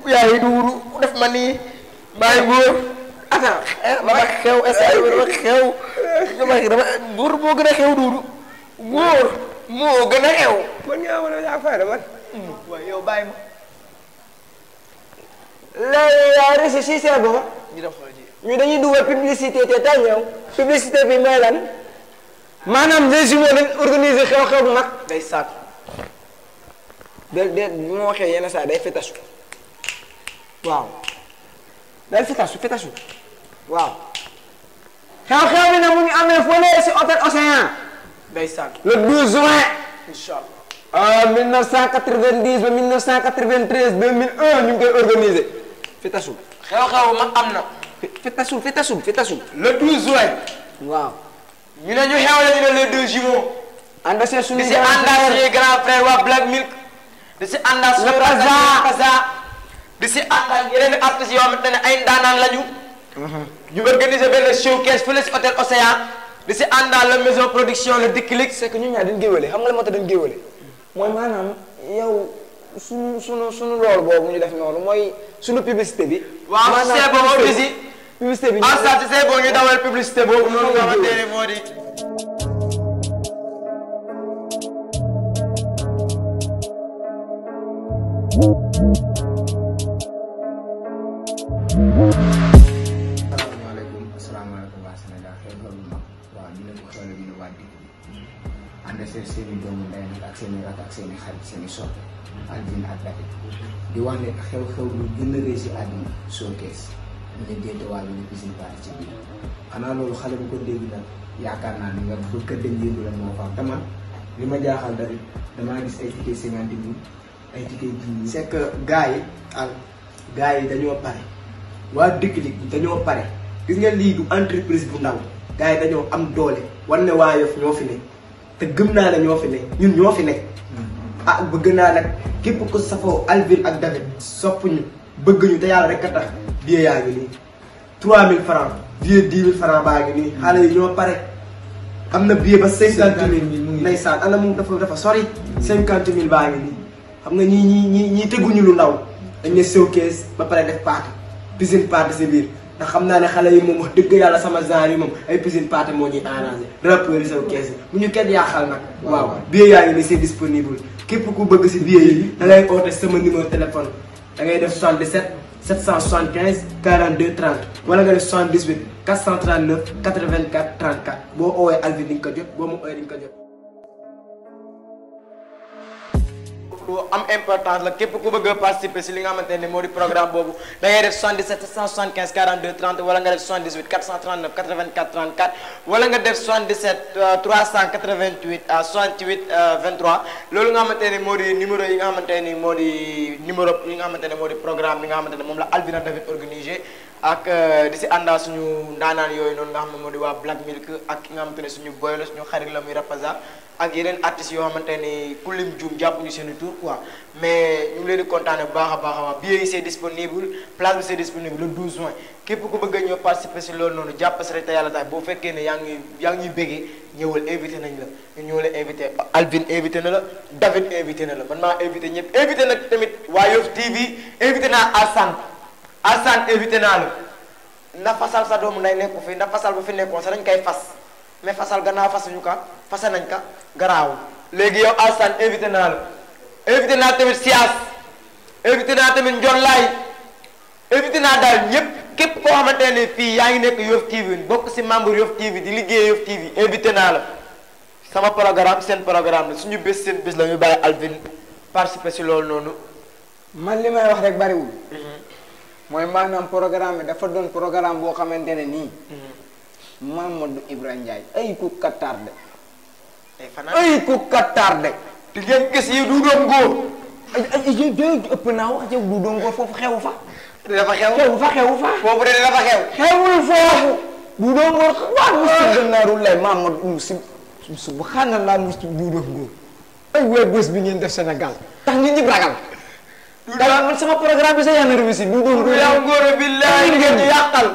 A: yaay def attends dama xew instant dama xew dama góor gën a xew gën a xew man nga ma daa fayda yow bàyyi ma léegi yaa resi si seet ba ñu dañuy dugal publicité te tey ñëw publicité bi mooy lan maanaam les jumeaux dañ organiser xew-xew bu mag day saatu de de bu day fetasu waaw day fetasu waaw xew-xew bi na mu ngi amee fële si hôtel Océan. ndeysaan le 12 juin. incha allah 1990 ba 1993 2001 ñu ngi koy organisé. fi tasul xew-xew ma am na. fi tasul fi tasul fi tasul. le 12 juin. waaw. ñu ne ñu xew la ne les deux jumeaux. ànd ak seen suñu grand frère di si ànd ak suñu grand frère waa Black Milk. di si ànd ak suñu. le Paza si ànd ak ay ndaanaan lañu. ñu organiser benn showcase fële si hôtel Océan di si àndaal la maison production le Dikilik. c'est que ñu ñaar dañ géwale xam nga moo tax dañ géwale mooy maanaam yow suñu suñu suñu loolu boobu ñu def noonu mooy suñu publicité bi. waaw c'est bon aussi publicité bi en ah, stat c'est bon ñu dawal publicité boobu noonu nga xamante ne moo di. Woo! seen seen i doomu nag ak seen i rakk ak seen xarit seen i soppe àddina ak date di wax ne xew-xew lu gën a rëy si àddina showcase ñu ne déetewaay ñu xanaa loolu xale bu ko dégg nag yaakaar naa ni nga ba kër dañ yëngu moo fam taman li ma jaaxal dari damaa gis ay ticket cinquante mille ay ticket dix c'est que gars yi al yi dañoo pare waa dëkk li dañoo pare gis nga lii du entreprise bu ndaw gars yi dañoo am doole wan ne waa Yoff ñoo fi ne te gëm naa ne ñoo fi ne ñun ñoo fi ne ah bëgg naa nag képp ko safoo Alvin ak David sopp bëgg ñu te yàlla rek a tax billet yaa ngi nii trois mille francs billet dix mille francs baa ngi nii xale yi ñoo pare am na billet ba cinquante mille ndeysaan ana moom dafa dafa sori cinquante mille baa ngi nii xam nga ñii ñi ñii ñiy lu ndaw dañ ne showcase ba pare def party piscine party si biir ndax xam naa ne xale yi moom wax dëgg yàlla sama genre yi moom ay piscine party moo ñuy arrangé rappeur yi saw kees bu ñu kenn yaaxal nag waaw billet yaa ngi ni c'est disponible képp ku bëgg si billet yi da ngay oote sama numéro téléphone da ngay def 77 775 42 30 wala nga def 78 439 84 34 boo oowee Alvin di nga ko jot boo ma oowee di nga ko jot lu am importance la képp ku bëgg a participer si li nga xamante ne moo di programme boobu da ngay def 77 775 42 30 wala nga def 78 439 84 34 wala nga def 77 388 68 23 loolu nga xamante ne moo di numéro yi nga xamante moo di numéro yi nga xamante ne moo di programme bi nga xamante ne moom la Albina David organisé. ak euh, di si àndaa suñu ndaanaan yooyu noonu nga xam ne moo di waa Black Milk ak ki nga xamante ne suñu boy la suñu xarit la muy Rapaza ak yeneen artistes yoo xamante ni ku jàpp ñu seen tour quoi mais ñu ngi leen di baax a baax a baax billets yi c'est disponible place bi c'est disponible le 12 juin képp ku bëgg a ñëw loolu noonu jàpp si te yàlla tax boo fekkee ne yaa ngi yaa ngi ñuy bëggee ñëwal invité nañ la ñu ñëw la invité Alvin invité na la David invité na la man maa invité ñëpp invité nag tamit Alsaan invité naa la na fasal sa doomu nday nekku fi na fasal bu fi nekkoon sa dañ koy fas mais fasal gannaaw fas fasuñu ka fasa nañ ka garaawul léegi yow Alsaan invité naa la invité naa tamit siyaas invité naa tamit njonlaay invité naa daal ñëpp képp koo xamante ne fii yaa ngi nekk Yoff TV bokk si membre Yoff TV di liggéey Yoff TV invité naa la sama programme seen programme la suñu bés seen bés la ñu bàyyi Alvin participer si loolu noonu. man li ma wax rek bariwul. Mhm. mooy maanaam programme bi dafa don programme bo xamantene ni hmm. Mamadou ibrahim Ndiaye ay ku katarde.
E: ay ay
A: ku katarde. di ngeen gis yi du doon góor. ay ay ëpp na wax je du doon góor fofu xewu fa. dafa xew xewu fa xewu fa. foofu de dafa xew. xewul fofu du doon góor waaw monsieur Gannaaru lay Mamadou Moussa subhanallah monsieur du doon góor. ay weer bés bi ngeen def senegal tax nit ñi ragal. Dan sama program saya yang nervisi duduk. dulu. Yang gore billahi kan yakal.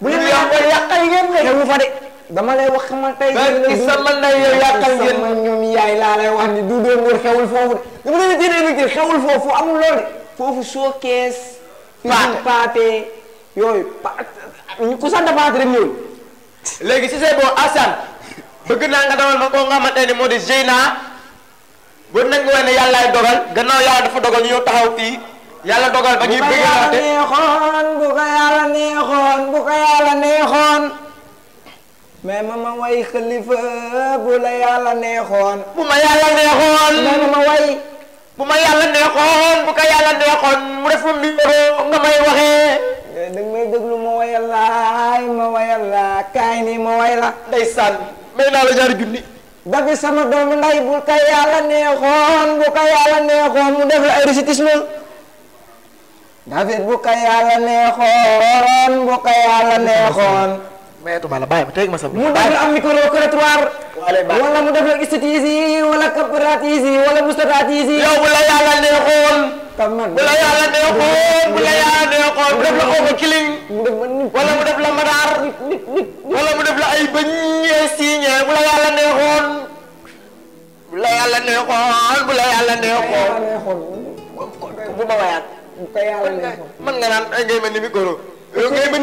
B: Bulan yang gore yakal
A: kan kan. Kamu fade. Dama lay wax ma tay. sama lay yakal ngeen. Sama ñoom yaay la lay wax ni dudung ngor xewul fofu. Dama lay tene ni ki amul lool. Fofu showcase. Paate. Paate. boo nanguwee ne yàllaay dogal gannaaw yàlla dafa dogal ñu taxaw fii yàlla dogal ba ñuy bëgg yàlla neexoon bu ko yàlla neexoon mais ma ma way bu ma yàlla neexoon bu ko yàlla neexoon mu defu numéro nga may waxee danga may déglu ma wayal laay ma wayal la kaay nii ma way la ndeysaan may naa la ñaari junni dafi sama doomu nday ka ko yàlla neexoon bu ko yàlla neexoon mu def la aéritisme David bu ko yàlla neexoon bu ko yàlla neexoon Mereka तुम्हाला बाहेर ठेक मसा मुंडा आम्ही करू करत वार वाला मुंडा ब्लॉक इस्तीजी वाला कपरातीजी वाला मुस्तरातीजी यो बोला याला नेकोल तमन बोला याला नेकोल बोला याला wala muda bla madar wala muda bla ay bagné signé wala yalla neexon wala yalla neexon wala yalla neexon bu wayat ko man nga nan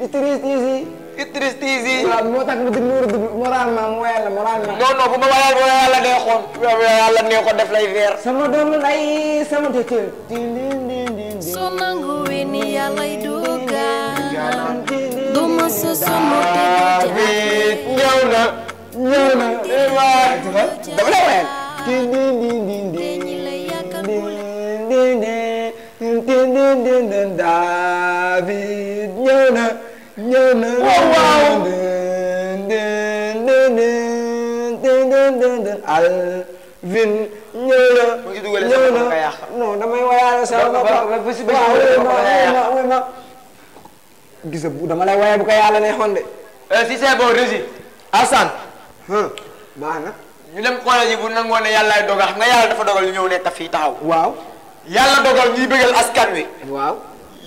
A: ngay ngay Idris Tizi moo tax di muur du moralement mu weer la moralement non non bu ma waxee bu yàlla neexoon yàlla neexoon def lay weer sama doom lay sama dëkkër
D: soo ya, tidak ni yàllay dugaan du ma sa sunu
A: tëdd ñëw na ñëw na dama lay weer dañu la yàkkal David ñëw Wow, wow. waaw waaw Alvin ñëw na ñëw na Wow, damay wayaale sama bopp waaw ma ya bu Wow, lay waye bu ko yàlla neexoon de si Wow, bon régi Assane baax na ñu dem xoolal Wow, bu nangoon ne yàllaay dogal xam ya yàlla Wow, dogal ñu ñëw wow ya taxaw waaw yàlla Wow, ñuy bëggal askan wow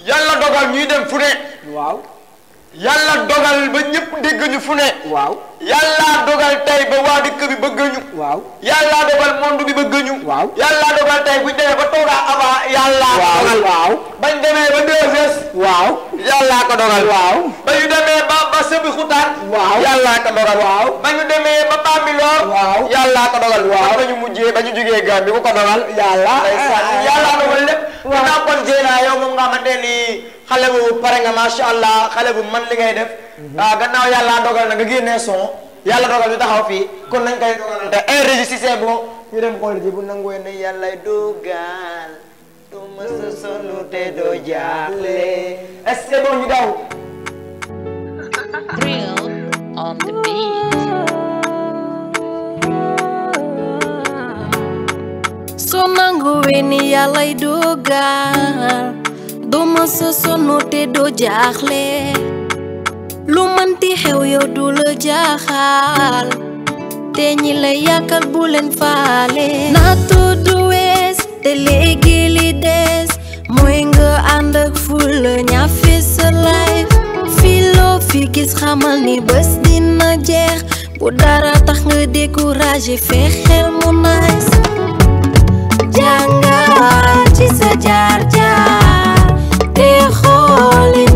A: ya yàlla dogal ñuy dem fu wow waaw
B: yàlla dogal
A: ba ñëpp dégg ñu fu ne waaw yàllaa dogal tey ba waa dëkk bi bëgg ñu. waaw yàllaa dogal monde bi bëgg ñu. waaw yàllaa dogal tey bu demee ba toogaa avant. yàllaa ko dogal waaw. bañ demee ba DGS. waaw yàllaa ko dogal. waaw ba ñu demee ba ba Sëbi Xutaan. waaw yàllaa ko dogal. waaw ba ñu demee ba Bambilor. waaw yàllaa ko dogal. waaw ba ñu mujjee ba ñu jugee bu ko dogal. yàllaa yàllaa dogal lépp. waaw dinaa kon jéenaa yow moom nga xamante ni xale bu pare nga macha allah xale bu man li ngay def. gannaaw mhm. ah, yàlla ya dogal na nga génnee son yàlla ya dogal ñu taxaw fii kon nañ koy dogalante enregistré eh, bu ñu dem xool ji bu nanguwee ne yàllay ya dogal du mësa sonu te doo est-ce eh, bon ñu daw
D: Drill on the beat su nanguwee ni yàllay dogal du mësa sonu te doo lu mënti xew yow du la jaaxal te ñi la yaakar bu leen faale nattu du wees te léegi li des mooy nga ànd ak fulla sa life filo fi gis xamal ni bés dina jeex bu dara tax nga fe xel mu nice jangal ci sa jar jar te xoolin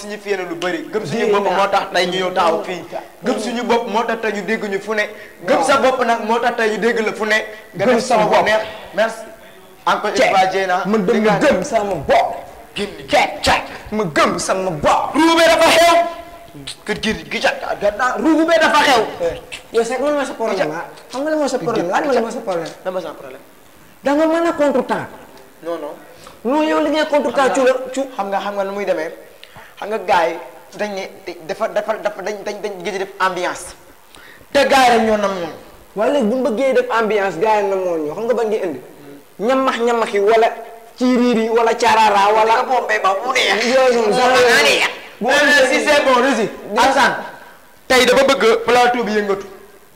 A: signifié na lu bari gëm suñu bop moo tax ñu ñëw taw fi gëm suñu bop moo tax ñu dégg ñu fu ne gëm sa bop nak moo tax ñu dégg la fu ne nga def neex merci encore une fois Dieyna man dama gëm sama bopp cek cek mu gëm sama bop ruube dafa xew kër gi gi ca gàddaa ruube dafa xew eh. yow sax lan sa problème ah? xam nga lan sa problème lan mooy sa problème dama sa problème da nga mëna contre temps non non yow li contre temps ci xam nga xam nga nu muy xam nga gars yi dañ ne dafa dafa dafa dañ dañ dañ gëj def ambiance te gars yi rek ñoo nam moon waaye léegi bu ñu bëggee def ambiance gars yi nam moon ñoo xam nga ban ngay indi ñamax ñamax yi wala ci riir yi wala caaraaraa wala. nga ba mu neex. bu ma eh, si c'est bon Russie. Alassane tey dafa bëgg plateau bi yëngatu.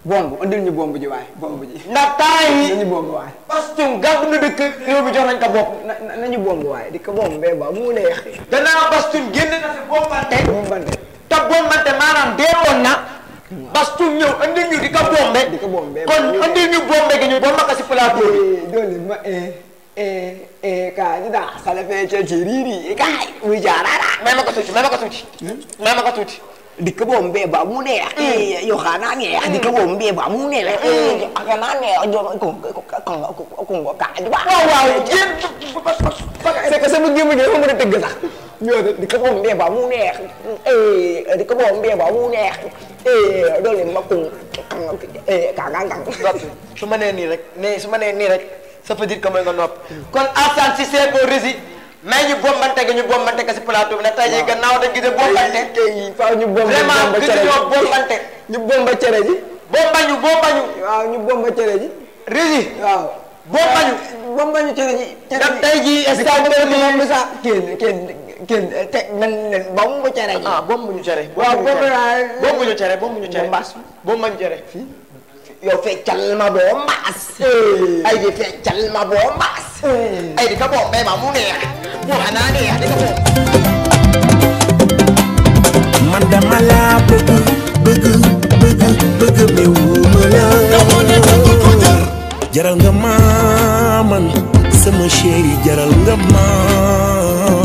A: bomb andil ñu bomb ji waay bomb ji. ndax temps yi nañu bomb waay. parce que gàpp na dëkk réew bi jox nañ ko bopp. na nañu bomb waay di ko bomb bee ba mu neex. danaa Bastoun génn na fi bombante. bombante te bombante maanaam deewoon na. Bastoun ñëw andil di ko bombe. di ko bombe kon andil ñu bombe gi ñu bomb ko daa xale fee ca ci eh, eh, eh, riiri kaay muy jaaraara. may ma ko tuuti may ma ko hmm? ma ko tuuti. Di ba mune ya yo kanane ya dikebombe bamune lah kanane ko ko aku ko aku di ba wa wa jin
B: saya kesebut dia begini mau ditegas
A: yo ba mune eh ba mune eh le ma ko eh ga suma ne ni rek ne ne ni rek sepedir nga nop kon absensi saya polisi mais ñu bombante gi ñu bombante ko si plateau bi nag tey jii gannaaw dañu gisee bombante. tey faaw ñu bomba vraiment gisuñoo bombante. ñu bomba cere ji. bomba ñu bomba ñu. waaw ñu bomba cere ji. régi. waaw bomba ñu. bomba ñu cere ji. ndax tey jii stade bi moom bi sax kenn kenn kenn te man leen bombu cere ji. ah bombu ñu cere. waaw bombu naa bombu ñu cere bombu ñu cere. bombaas bomba ñu cere. yow feccal ma boo mbaas. ay ji feccal ma boo mbaas. ไอ้ที่เขา
F: บอกแม่หมามูเนี่ยพวกอันนั้นเนี่ยที่เขาบอกมันดามาลา
C: บึกบึกบึกบึกมิวมาลา jaral nga maman sama chéri jaral nga maam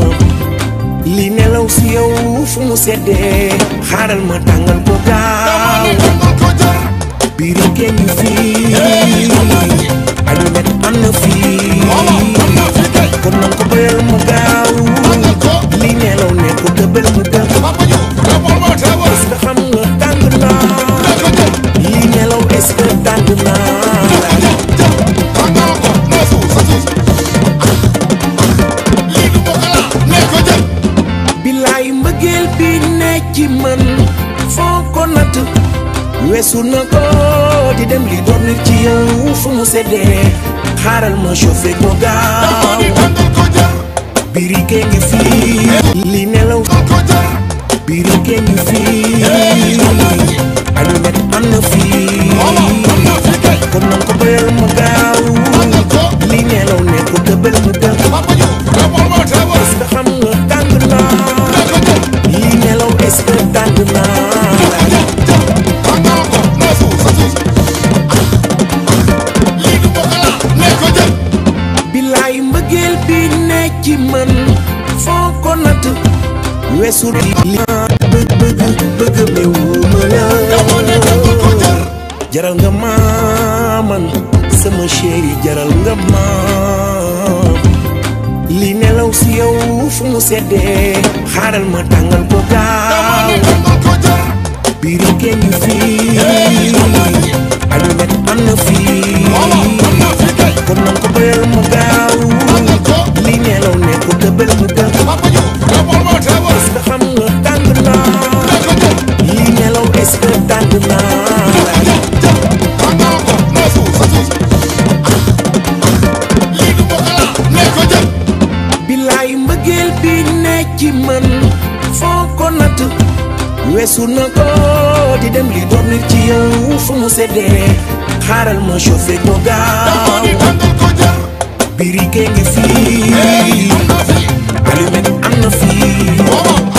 F: biir géej ñu fii allumet am na fii kon nan ko bëyal mu gaaw li nelaw ne ko tëbal mu gaaw parce que xam nga tàng naa li nelaw est-ce que tàng
C: weesu na ko di dem li doon ci yow fu mu seddee xaaral ma chauffé ko gaaw
F: birike ngi fii li nelaw birike ngi fii almet am na fii kon nan ko bayal ma gaaw li nelaw ne ko tëbal mu dëkk parce xam nga tàng naa li nelaw est-ce que tàng naa
C: weesul di li jaral nga maaman sama chéri jaral nga maam li nelaw si yow fu mu seddee xaaral ma tàngal ko gaaw biri met am
F: na kon ko mu gaaw li nelaw ne ko mu gaaw
C: weesu na ko di dem li doon ci yow fu mu seddee
F: xaaral ma chauffé ko gaaw biri kee fii allumette am na fii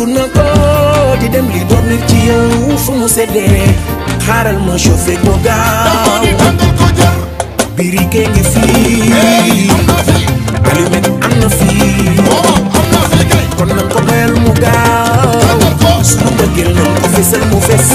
C: weesu na ko di dem li doon nit fu mu seddee
F: ma chauffé ko gaaw birike ngi fii allumet am fii kon ko bayal mu gaaw su ma bëggee na ko fesal mu fes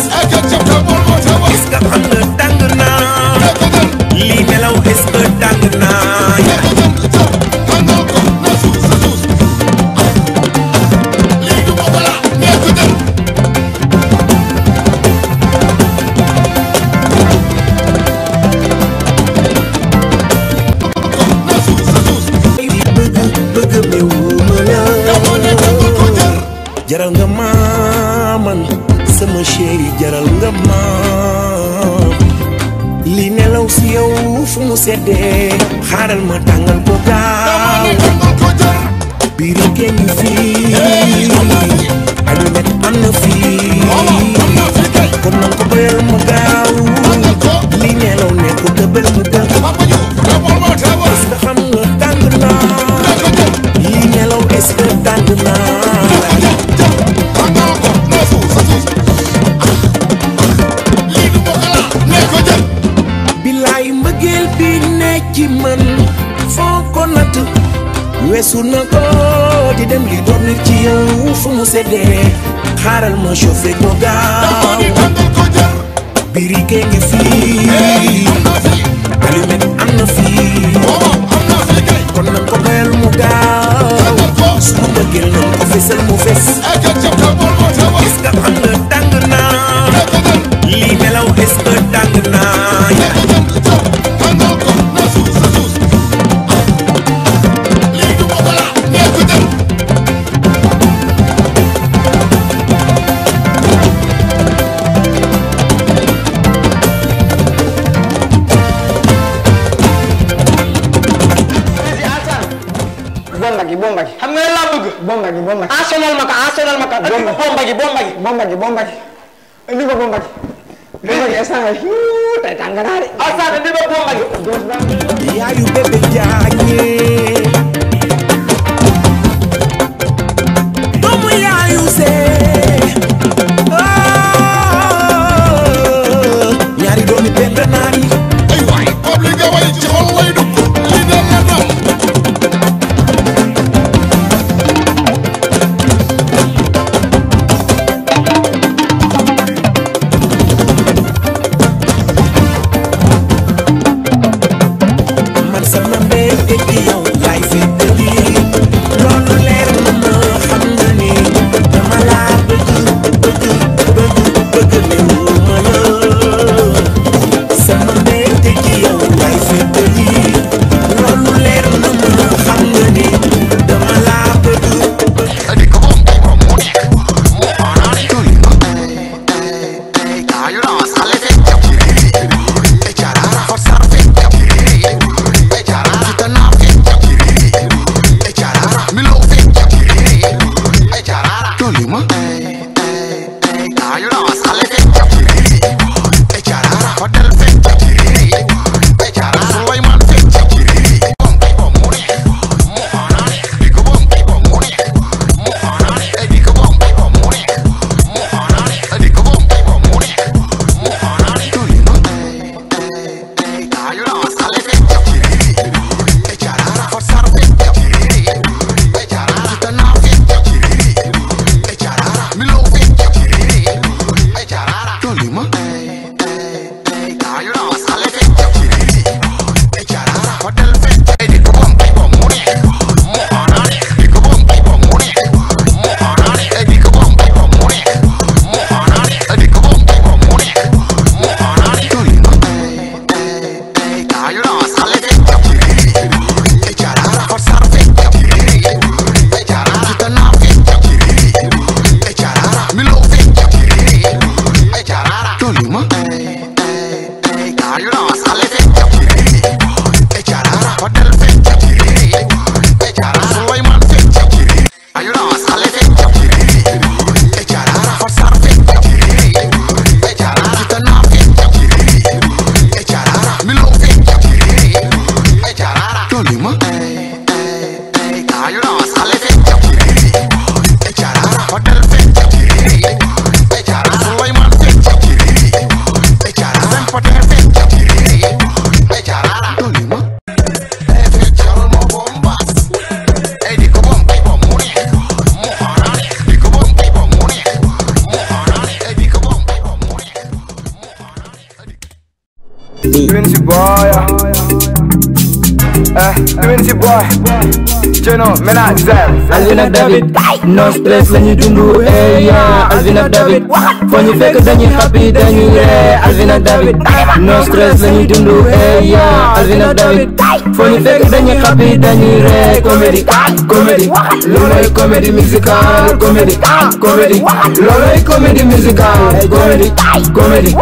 F: chauffé ton
A: bomba gi bomba gi bomba gi bomba gi indi ko bomba gi bomba gi a yi
B: a tey tàng naa de
A: instant indi ko bomba
B: gi yaayu bébé jaañee doomu
F: yaayu see
B: Azina David no stress lañuy dundu eh Alvin Azina David Fo ñu fekk dañuy happy dañuy Alvin Azina David
A: no stress lañuy dundu eh Alvin Azina David Fo ñu fekk dañuy happy
B: dañuy re Comedy Comedy looloy comedy musical comedy, Comedy looloy comedy, musical, comedy, comedy.